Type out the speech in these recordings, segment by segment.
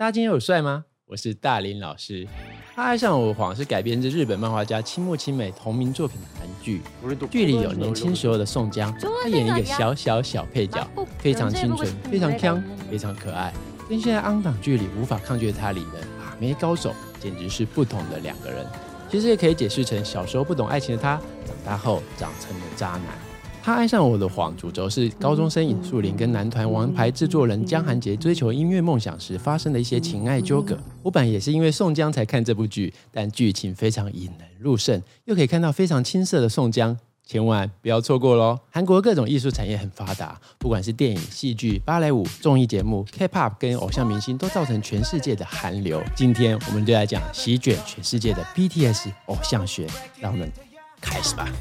大家今天有帥嗎？我是大林老師。《他愛上我的謊》是改編自日本漫畫家青木琴美同名作品的韓劇，劇裡有年輕時候的宋江，他演一個小小小配角，非常清純，非常 ㄎㄧㄤ，非常可愛，跟現在 on 檔劇裡無法抗拒的他裡的把妹高手，簡直是不同的兩個人。其實也可以解釋成小時候不懂愛情的他，長大後長成了渣男。他愛上我的謊，主軸是高中生尹素琳跟男團王牌製作人姜韓傑追求音樂夢想時發生的一些情愛糾葛。我本也是因為宋江才看這部劇，但劇情非常引人入勝，又可以看到非常青澀的宋江，千萬不要錯過咯！韓國各種藝術產業很發達，不管是電影、戲劇、芭蕾舞、綜藝節目、K-pop 跟偶像明星，都造成全世界的韓流。今天我們就來講席捲全世界的 BTS 偶像學，讓我們開始吧。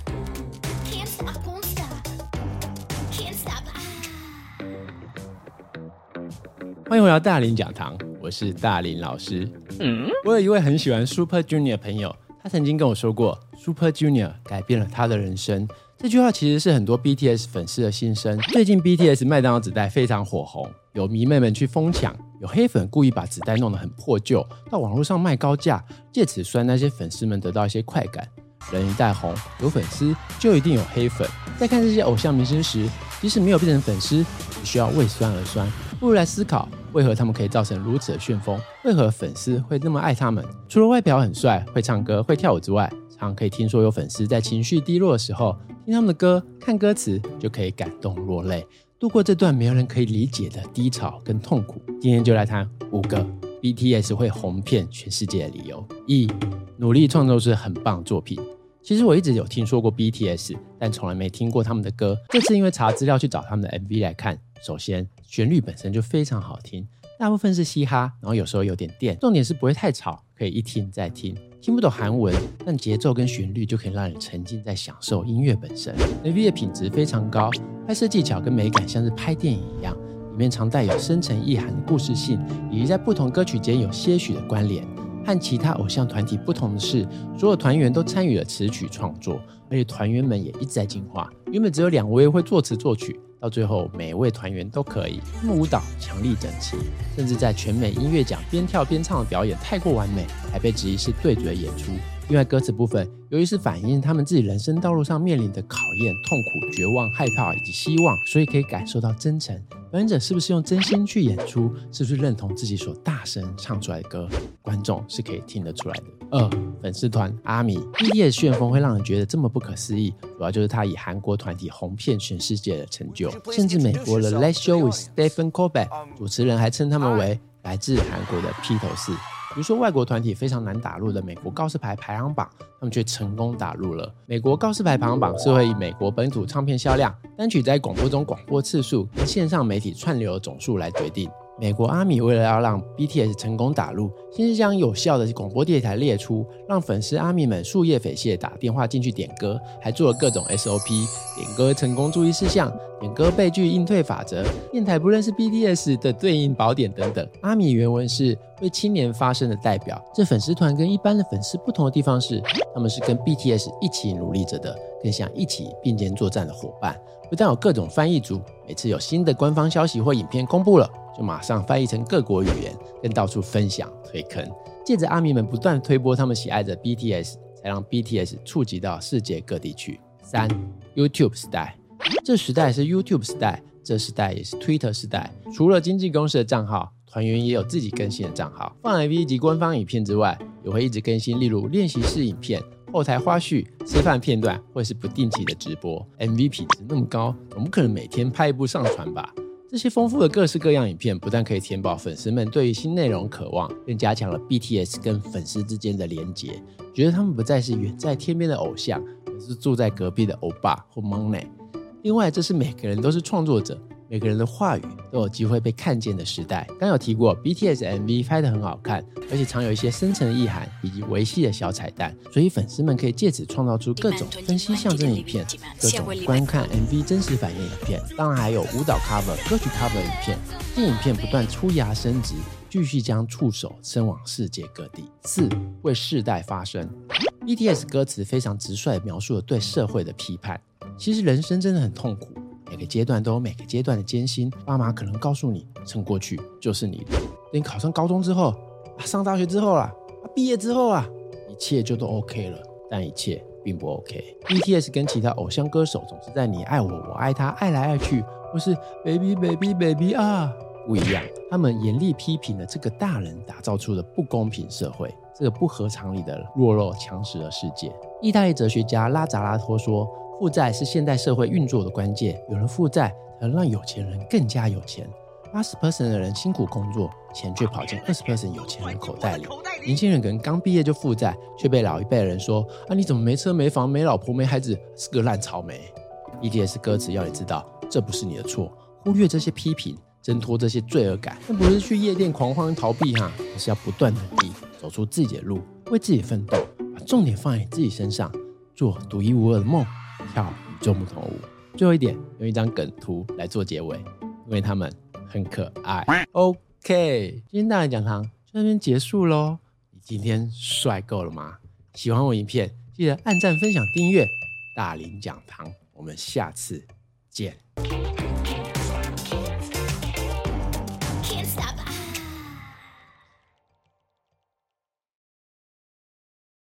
歡迎回到大林講堂，我是大林老師。嗯，我有一位很喜歡 Super Junior 的朋友，他曾經跟我說過，Super Junior 改變了他的人生。這句話其實是很多 BTS 粉絲的心聲。最近 BTS 麥當勞紙袋非常火紅，有迷妹們去瘋搶，有黑粉故意把紙袋弄得很破舊，到網絡上賣高價，借此酸那些粉絲們得到一些快感。人一旦紅，有粉絲就一定有黑粉。在看這些偶像明星時，即使沒有變成粉絲，也需要為酸而酸，不如來思考。為何他們可以造成如此的旋風？為何粉絲會那麼愛他們？除了外表很帥、會唱歌、會跳舞之外，常可以聽說有粉絲在情緒低落的時候聽他們的歌、看歌詞，就可以感動落淚，度過這段沒有人可以理解的低潮跟痛苦。今天就來談五個 BTS 會紅遍全世界的理由：一、e、努力創作是很棒的作品。其實我一直有聽說過 B T S，但從來沒聽過他們的歌。這次因為查資料去找他們的 M V 來看，首先旋律本身就非常好聽，大部分是嘻哈，然後有時候有點電，重點是不會太吵，可以一聽再聽。聽不懂韓文，但節奏跟旋律就可以讓你沉浸在享受音樂本身。M V 的品質非常高，拍攝技巧跟美感像是拍電影一樣，裡面常帶有深層意涵的故事性，以及在不同歌曲間有些許的關聯。和其他偶像團體不同的是，所有團員都參與了詞曲創作，而且團員們也一直在進化。原本只有兩位會作詞作曲，到最後每一位團員都可以。他們舞蹈強力整齊，甚至在全美音樂獎邊跳邊唱的表演太過完美，還被質疑是對嘴演出。另外歌詞部分，由於是反映他們自己人生道路上面臨的考驗、痛苦、絕望、害怕以及希望，所以可以感受到真誠。表演者是不是用真心去演出，是不是認同自己所大聲唱出來的歌，觀眾是可以聽得出來的。二、粉絲團阿米一夜旋風會讓人覺得這麼不可思議，主要就是他以韓國團體紅遍全世界的成就，甚至美國的 Late Show with Stephen Colbert 主持人還稱他們為來自韓國的披頭士。比如說，外國團體非常難打入的美國告示牌排行榜，他們卻成功打入了。美國告示牌排行榜是會以美國本土唱片銷量、單曲在廣播中廣播次數、跟線上媒體串流的總數來決定。美國阿米為了要讓 BTS 成功打入，先是將有效的廣播電台列出，讓粉絲阿米們夙夜匪懈打電話進去點歌，還做了各種 SOP 點歌成功注意事項、點歌被拒應對法則、電台不認識 BTS 的對應寶典等等。阿米原文是為青年發聲的代表，這粉絲團跟一般的粉絲不同的地方是，他們是跟 BTS 一起努力着的，更像一起並肩作戰的伙伴。不但有各種翻譯組，每次有新的官方消息或影片公布了，就馬上翻譯成各國語言，跟到處分享推坑，借着阿迷們不斷推波，他們喜愛的 BTS，才讓 BTS 觸及到世界各地去。三、YouTube 時代，這時代是 YouTube 時代，這時代也是，是 Twitter 時代。除了經紀公司的賬號，團員也有自己更新的賬號，放 MV 及官方影片之外，也會一直更新，例如練習室影片、後台花絮、吃飯片段，或是不定期的直播。MV 品質那麼高，怎麼可能每天拍一部上傳吧？這些豐富的各式各樣影片，不但可以填飽粉絲們對於新內容渴望，更加強了 BTS 跟粉絲之間的連結，覺得他們不再是遠在天邊的偶像，而是住在隔壁的歐巴或 Monday。另外，這是每個人都是創作者。每個人的話語都有機會被看見的時代。剛有提過，BTS MV 拍得很好看，而且常有一些深層意涵以及維繫的小彩蛋，所以粉絲們可以借此創造出各種分析象徵影片，各種觀看 MV 真實反應影片，當然還有舞蹈 cover、歌曲 cover 的影片。令影片不斷出芽生殖，繼續將觸手伸往世界各地。四，為世代發聲，BTS 歌詞非常直率，描述了對社會的批判。其實人生真的很痛苦。每個階段都有每個階段的艱辛，爸媽可能告訴你，撐過去就是你的。等你考上高中之後，啊，上大學之後啊，啊，畢業之後啊，一切就都 OK 了，但一切並不 OK。BTS 跟其他偶像歌手總是在你愛我，我愛他，愛來愛去，或是 baby baby baby 啊，不一樣。他們嚴厲批評了這個大人打造出的不公平社會，這個不合常理的弱肉強食的世界。意大利哲學家拉扎拉托說。負債是現代社會運作的關鍵，有人負債能讓有錢人更加有錢。八十 percent 的人辛苦工作，錢卻跑進二十 percent 有錢人口袋裡。年輕人可能剛畢業就負債，卻被老一輩的人說：“啊，你怎麼沒車沒房沒老婆沒孩子，是個爛草莓。” E D S 歌詞要你知道，這不是你的錯。忽略這些批評，掙脫這些罪惡感，但不是去夜店狂歡逃避哈，而是要不斷努力，走出自己的路，為自己奮鬥，把重點放在你自己身上，做獨一無二的夢。跳與眾不同的舞，最後一點用一張梗圖來做結尾，因為他們很可愛。OK，今天大林講堂就這邊結束嘍。你今天帥夠了嗎？喜歡我影片，記得按讚、分享、訂閱大林講堂。我們下次見。